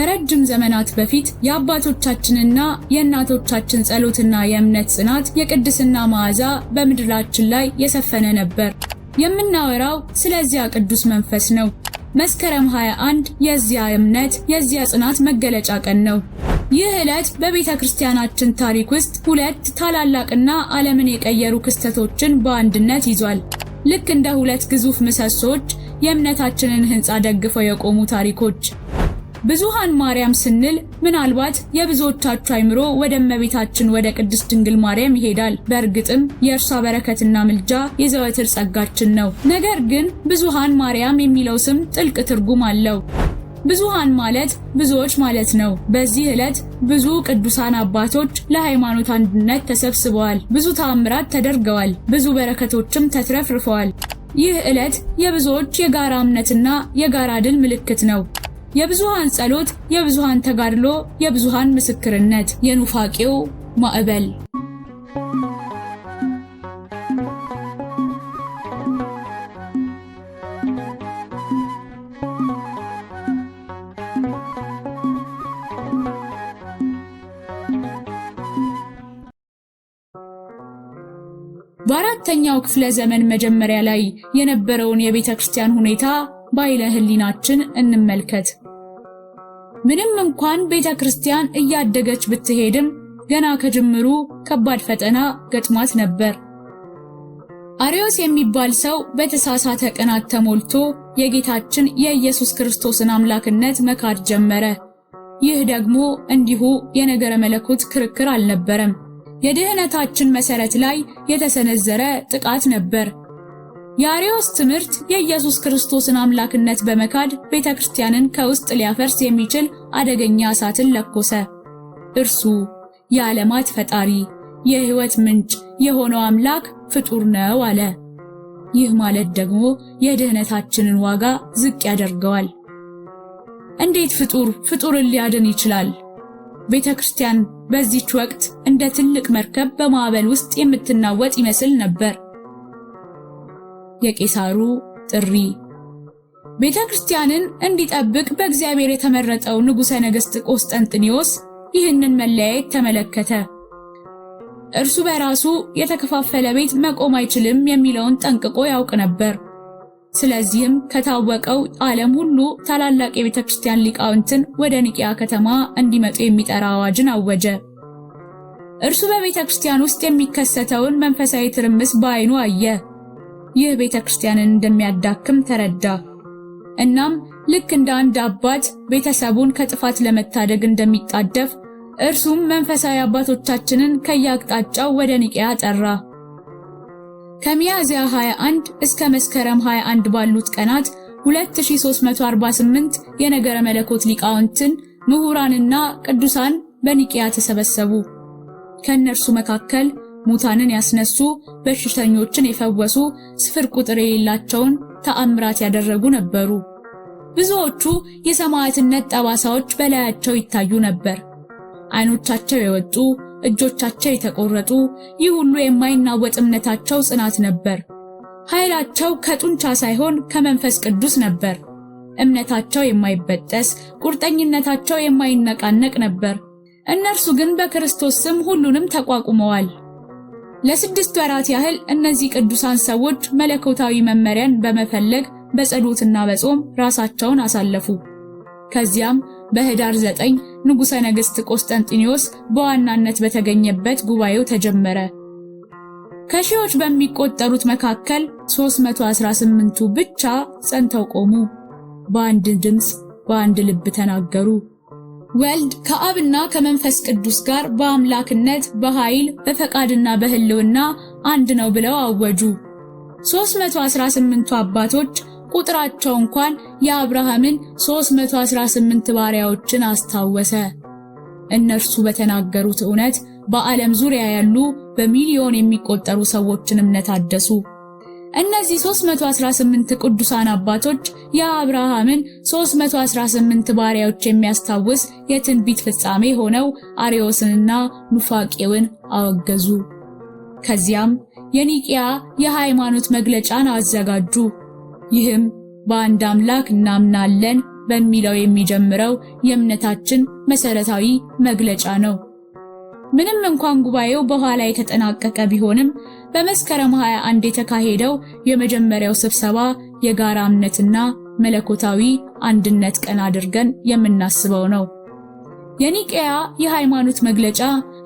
ከረጅም ዘመናት በፊት የአባቶቻችንና የእናቶቻችን ጸሎትና የእምነት ጽናት የቅድስና መዓዛ በምድራችን ላይ የሰፈነ ነበር። የምናወራው ስለዚያ ቅዱስ መንፈስ ነው። መስከረም 21 የዚያ እምነት የዚያ ጽናት መገለጫ ቀን ነው። ይህ ዕለት በቤተ ክርስቲያናችን ታሪክ ውስጥ ሁለት ታላላቅና ዓለምን የቀየሩ ክስተቶችን በአንድነት ይዟል። ልክ እንደ ሁለት ግዙፍ ምሰሶዎች የእምነታችንን ሕንፃ ደግፈው የቆሙ ታሪኮች ብዙሃን ማርያም ስንል ምናልባት የብዙዎቻችሁ አይምሮ ወደ እመቤታችን ወደ ቅድስት ድንግል ማርያም ይሄዳል። በእርግጥም የእርሷ በረከትና ምልጃ የዘወትር ጸጋችን ነው። ነገር ግን ብዙሃን ማርያም የሚለው ስም ጥልቅ ትርጉም አለው። ብዙሃን ማለት ብዙዎች ማለት ነው። በዚህ ዕለት ብዙ ቅዱሳን አባቶች ለሃይማኖት አንድነት ተሰብስበዋል። ብዙ ተአምራት ተደርገዋል። ብዙ በረከቶችም ተትረፍርፈዋል። ይህ ዕለት የብዙዎች የጋራ እምነትና የጋራ ድል ምልክት ነው። የብዙሃን ጸሎት፣ የብዙሃን ተጋድሎ፣ የብዙሃን ምስክርነት፣ የኑፋቄው ማዕበል በአራተኛው ክፍለ ዘመን መጀመሪያ ላይ የነበረውን የቤተ ክርስቲያን ሁኔታ በአይለ እንመልከት። ምንም እንኳን ቤተ ክርስቲያን እያደገች ብትሄድም ገና ከጅምሩ ከባድ ፈተና ገጥሟት ነበር። አሪዮስ የሚባል ሰው በተሳሳተ ቅናት ተሞልቶ የጌታችን የኢየሱስ ክርስቶስን አምላክነት መካድ ጀመረ። ይህ ደግሞ እንዲሁ የነገረ መለኮት ክርክር አልነበረም። የድኅነታችን መሰረት ላይ የተሰነዘረ ጥቃት ነበር። የአርዮስ ትምህርት የኢየሱስ ክርስቶስን አምላክነት በመካድ ቤተ ክርስቲያንን ከውስጥ ሊያፈርስ የሚችል አደገኛ እሳትን ለኮሰ። እርሱ የዓለማት ፈጣሪ፣ የሕይወት ምንጭ የሆነው አምላክ ፍጡር ነው አለ። ይህ ማለት ደግሞ የደህነታችንን ዋጋ ዝቅ ያደርገዋል። እንዴት ፍጡር ፍጡርን ሊያድን ይችላል? ቤተ ክርስቲያን በዚች ወቅት እንደ ትልቅ መርከብ በማዕበል ውስጥ የምትናወጥ ይመስል ነበር። የቄሳሩ ጥሪ ቤተ ክርስቲያንን እንዲጠብቅ በእግዚአብሔር የተመረጠው ንጉሠ ነገሥት ቆስጠንጥኒዎስ ይህንን መለያየት ተመለከተ። እርሱ በራሱ የተከፋፈለ ቤት መቆም አይችልም የሚለውን ጠንቅቆ ያውቅ ነበር። ስለዚህም ከታወቀው ዓለም ሁሉ ታላላቅ የቤተ ክርስቲያን ሊቃውንትን ወደ ኒቂያ ከተማ እንዲመጡ የሚጠራ አዋጅን አወጀ። እርሱ በቤተ ክርስቲያን ውስጥ የሚከሰተውን መንፈሳዊ ትርምስ በዓይኑ አየ። ይህ ቤተ ክርስቲያንን እንደሚያዳክም ተረዳ። እናም ልክ እንደ አንድ አባት ቤተሰቡን ከጥፋት ለመታደግ እንደሚጣደፍ እርሱም መንፈሳዊ አባቶቻችንን ከየአቅጣጫው ወደ ኒቅያ ጠራ። ከሚያዝያ 21 እስከ መስከረም 21 ባሉት ቀናት 2348 የነገረ መለኮት ሊቃውንትን ምሁራንና ቅዱሳን በኒቅያ ተሰበሰቡ። ከእነርሱ መካከል ሙታንን ያስነሱ፣ በሽተኞችን የፈወሱ፣ ስፍር ቁጥር የሌላቸውን ተአምራት ያደረጉ ነበሩ። ብዙዎቹ የሰማዕትነት ጠባሳዎች በላያቸው ይታዩ ነበር። አይኖቻቸው የወጡ፣ እጆቻቸው የተቆረጡ፣ ይህ ሁሉ የማይናወጥ እምነታቸው ጽናት ነበር። ኃይላቸው ከጡንቻ ሳይሆን ከመንፈስ ቅዱስ ነበር። እምነታቸው የማይበጠስ፣ ቁርጠኝነታቸው የማይነቃነቅ ነበር። እነርሱ ግን በክርስቶስ ስም ሁሉንም ተቋቁመዋል። ለስድስት ወራት ያህል እነዚህ ቅዱሳን ሰዎች መለኮታዊ መመሪያን በመፈለግ በጸሎትና በጾም ራሳቸውን አሳለፉ። ከዚያም በህዳር 9 ንጉሠ ነገሥት ቆስጠንጢኒዮስ በዋናነት በተገኘበት ጉባኤው ተጀመረ። ከሺዎች በሚቆጠሩት መካከል 318ቱ ብቻ ጸንተው ቆሙ። በአንድ ድምፅ በአንድ ልብ ተናገሩ። ወልድ ከአብና ከመንፈስ ቅዱስ ጋር በአምላክነት በኃይል በፈቃድና በሕልውና አንድ ነው ብለው አወጁ። 318ቱ አባቶች ቁጥራቸው እንኳን የአብርሃምን 318 ባሪያዎችን አስታወሰ። እነርሱ በተናገሩት እውነት በዓለም ዙሪያ ያሉ በሚሊዮን የሚቆጠሩ ሰዎችን እምነት አደሱ። እነዚህ 318 ቅዱሳን አባቶች የአብርሃምን 318 ባሪያዎች የሚያስታውስ የትንቢት ፍጻሜ ሆነው አርዮስንና ኑፋቄውን አወገዙ። ከዚያም የኒቂያ የሃይማኖት መግለጫን አዘጋጁ። ይህም በአንድ አምላክ እናምናለን በሚለው የሚጀምረው የእምነታችን መሰረታዊ መግለጫ ነው። ምንም እንኳን ጉባኤው በኋላ የተጠናቀቀ ቢሆንም በመስከረም 21 የተካሄደው የመጀመሪያው ስብሰባ የጋራ እምነትና መለኮታዊ አንድነት ቀን አድርገን የምናስበው ነው። የኒቄያ የሃይማኖት መግለጫ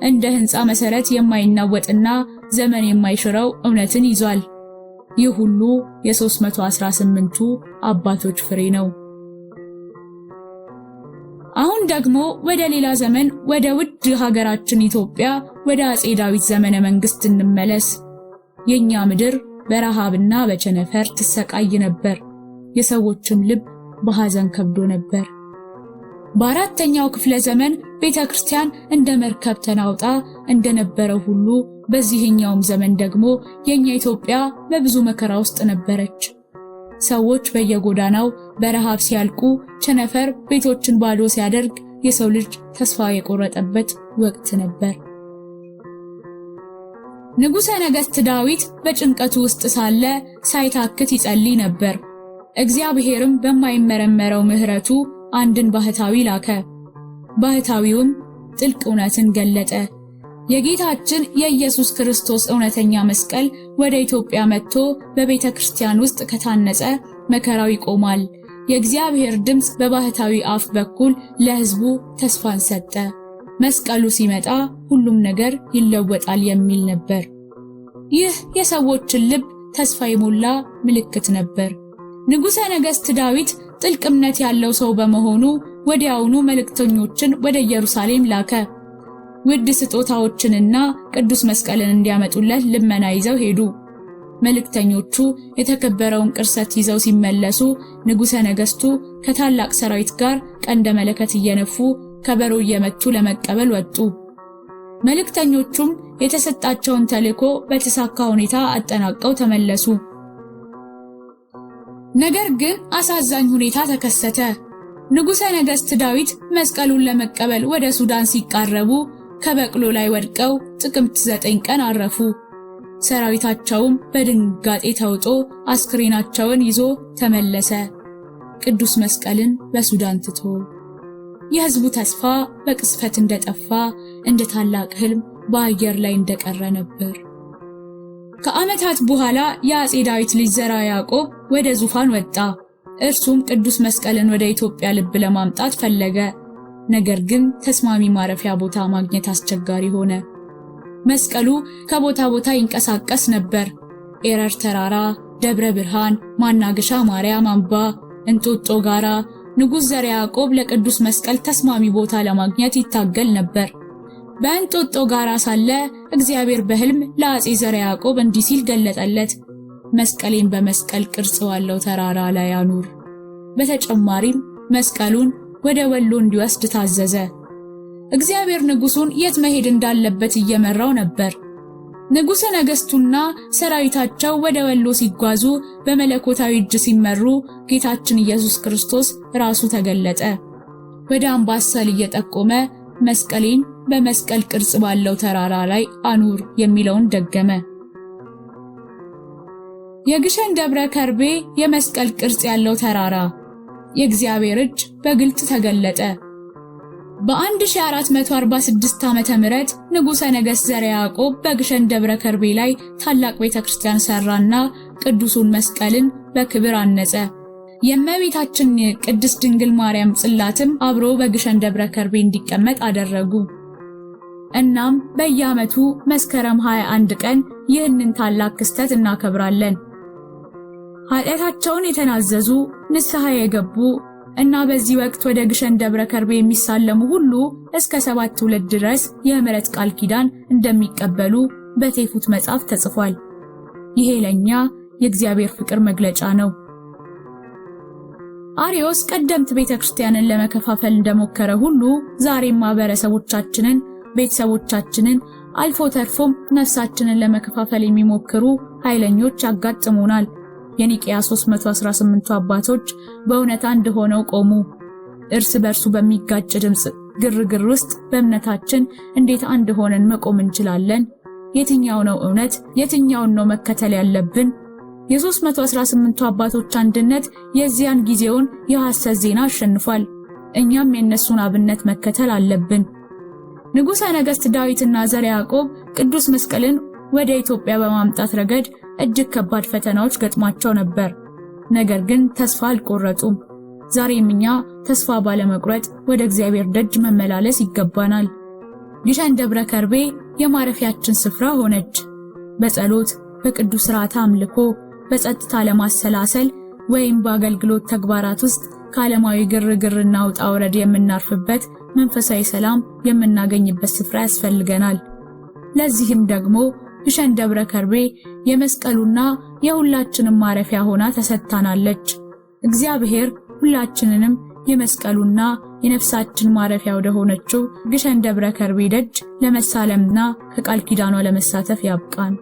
እንደ ሕንፃ መሰረት የማይናወጥና ዘመን የማይሽረው እውነትን ይዟል። ይህ ሁሉ የ318ቱ አባቶች ፍሬ ነው። ደግሞ ወደ ሌላ ዘመን ወደ ውድ ሀገራችን ኢትዮጵያ ወደ አጼ ዳዊት ዘመነ መንግስት እንመለስ። የኛ ምድር በረሃብና በቸነፈር ትሰቃይ ነበር። የሰዎችም ልብ በሐዘን ከብዶ ነበር። በአራተኛው ክፍለ ዘመን ቤተ ክርስቲያን እንደ መርከብ ተናውጣ እንደነበረው ሁሉ በዚህኛውም ዘመን ደግሞ የኛ ኢትዮጵያ በብዙ መከራ ውስጥ ነበረች። ሰዎች በየጎዳናው በረሃብ ሲያልቁ፣ ቸነፈር ቤቶችን ባዶ ሲያደርግ የሰው ልጅ ተስፋ የቆረጠበት ወቅት ነበር። ንጉሠ ነገሥት ዳዊት በጭንቀቱ ውስጥ ሳለ ሳይታክት ይጸልይ ነበር። እግዚአብሔርም በማይመረመረው ምሕረቱ አንድን ባህታዊ ላከ። ባህታዊውም ጥልቅ እውነትን ገለጠ። የጌታችን የኢየሱስ ክርስቶስ እውነተኛ መስቀል ወደ ኢትዮጵያ መጥቶ በቤተ ክርስቲያን ውስጥ ከታነጸ መከራው ይቆማል። የእግዚአብሔር ድምፅ በባህታዊ አፍ በኩል ለሕዝቡ ተስፋን ሰጠ። መስቀሉ ሲመጣ ሁሉም ነገር ይለወጣል የሚል ነበር። ይህ የሰዎችን ልብ ተስፋ የሞላ ምልክት ነበር። ንጉሠ ነገሥት ዳዊት ጥልቅ እምነት ያለው ሰው በመሆኑ ወዲያውኑ መልእክተኞችን ወደ ኢየሩሳሌም ላከ። ውድ ስጦታዎችንና ቅዱስ መስቀልን እንዲያመጡለት ልመና ይዘው ሄዱ። መልእክተኞቹ የተከበረውን ቅርሰት ይዘው ሲመለሱ ንጉሠ ነገሥቱ ከታላቅ ሰራዊት ጋር ቀንደ መለከት እየነፉ ከበሮ እየመቱ ለመቀበል ወጡ። መልእክተኞቹም የተሰጣቸውን ተልዕኮ በተሳካ ሁኔታ አጠናቀው ተመለሱ። ነገር ግን አሳዛኝ ሁኔታ ተከሰተ። ንጉሠ ነገሥት ዳዊት መስቀሉን ለመቀበል ወደ ሱዳን ሲቃረቡ ከበቅሎ ላይ ወድቀው ጥቅምት ዘጠኝ ቀን አረፉ። ሰራዊታቸውም በድንጋጤ ተውጦ አስክሬናቸውን ይዞ ተመለሰ፣ ቅዱስ መስቀልን በሱዳን ትቶ። የህዝቡ ተስፋ በቅስፈት እንደጠፋ እንደ ታላቅ ህልም በአየር ላይ እንደቀረ ነበር። ከዓመታት በኋላ የአጼ ዳዊት ልጅ ዘራ ያዕቆብ ወደ ዙፋን ወጣ። እርሱም ቅዱስ መስቀልን ወደ ኢትዮጵያ ልብ ለማምጣት ፈለገ። ነገር ግን ተስማሚ ማረፊያ ቦታ ማግኘት አስቸጋሪ ሆነ። መስቀሉ ከቦታ ቦታ ይንቀሳቀስ ነበር። ኤረር ተራራ፣ ደብረ ብርሃን፣ ማናገሻ ማርያም አምባ፣ እንጦጦ ጋራ ንጉሥ ዘር ያዕቆብ ለቅዱስ መስቀል ተስማሚ ቦታ ለማግኘት ይታገል ነበር። በእንጦጦ ጋራ ሳለ እግዚአብሔር በሕልም ለአጼ ዘር ያዕቆብ እንዲህ ሲል ገለጠለት፣ መስቀሌን በመስቀል ቅርጽ ባለው ተራራ ላይ አኑር። በተጨማሪም መስቀሉን ወደ ወሎ እንዲወስድ ታዘዘ። እግዚአብሔር ንጉሱን የት መሄድ እንዳለበት እየመራው ነበር። ንጉሠ ነገሥቱና ሰራዊታቸው ወደ ወሎ ሲጓዙ በመለኮታዊ እጅ ሲመሩ ጌታችን ኢየሱስ ክርስቶስ ራሱ ተገለጠ። ወደ አምባሰል እየጠቆመ መስቀሌን በመስቀል ቅርጽ ባለው ተራራ ላይ አኑር የሚለውን ደገመ። የግሸን ደብረ ከርቤ የመስቀል ቅርጽ ያለው ተራራ የእግዚአብሔር እጅ በግልጽ ተገለጠ። በ1446 ዓመተ ምህረት ንጉሠ ነገሥት ዘረ ያዕቆብ በግሸን ደብረ ከርቤ ላይ ታላቅ ቤተክርስቲያን ሰራና ቅዱሱን መስቀልን በክብር አነጸ። የእመቤታችን ቅድስት ድንግል ማርያም ጽላትም አብሮ በግሸን ደብረ ከርቤ እንዲቀመጥ አደረጉ። እናም በየዓመቱ መስከረም 21 ቀን ይህንን ታላቅ ክስተት እናከብራለን። ኃጢአታቸውን የተናዘዙ ንስሐ የገቡ እና በዚህ ወቅት ወደ ግሸን ደብረ ከርቤ የሚሳለሙ ሁሉ እስከ ሰባት ትውልድ ድረስ የምሕረት ቃል ኪዳን እንደሚቀበሉ በቴፉት መጽሐፍ ተጽፏል። ይሄ ለእኛ የእግዚአብሔር ፍቅር መግለጫ ነው። አሪዮስ ቀደምት ቤተ ክርስቲያንን ለመከፋፈል እንደሞከረ ሁሉ ዛሬም ማህበረሰቦቻችንን፣ ቤተሰቦቻችንን አልፎ ተርፎም ነፍሳችንን ለመከፋፈል የሚሞክሩ ኃይለኞች ያጋጥሙናል። የኒቅያ 318ቱ አባቶች በእውነት አንድ ሆነው ቆሙ። እርስ በርሱ በሚጋጭ ድምፅ ግርግር ውስጥ በእምነታችን እንዴት አንድ ሆነን መቆም እንችላለን? የትኛው ነው እውነት? የትኛውን ነው መከተል ያለብን? የ318ቱ አባቶች አንድነት የዚያን ጊዜውን የሐሰት ዜና አሸንፏል። እኛም የእነሱን አብነት መከተል አለብን። ንጉሠ ነገሥት ዳዊትና ዘረ ያዕቆብ ቅዱስ መስቀልን ወደ ኢትዮጵያ በማምጣት ረገድ እጅግ ከባድ ፈተናዎች ገጥሟቸው ነበር። ነገር ግን ተስፋ አልቆረጡም። ዛሬም እኛ ተስፋ ባለመቁረጥ ወደ እግዚአብሔር ደጅ መመላለስ ይገባናል። ግሸን ደብረ ከርቤ የማረፊያችን ስፍራ ሆነች። በጸሎት በቅዱስ ሥርዓተ አምልኮ፣ በጸጥታ ለማሰላሰል ወይም በአገልግሎት ተግባራት ውስጥ ከዓለማዊ ግርግርና ውጣ ውረድ የምናርፍበት መንፈሳዊ ሰላም የምናገኝበት ስፍራ ያስፈልገናል። ለዚህም ደግሞ ግሸን ደብረ ከርቤ የመስቀሉና የሁላችንም ማረፊያ ሆና ተሰጥታናለች። እግዚአብሔር ሁላችንንም የመስቀሉና የነፍሳችን ማረፊያ ወደ ሆነችው ግሸን ደብረ ከርቤ ደጅ ለመሳለምና ከቃል ኪዳኗ ለመሳተፍ ያብቃን።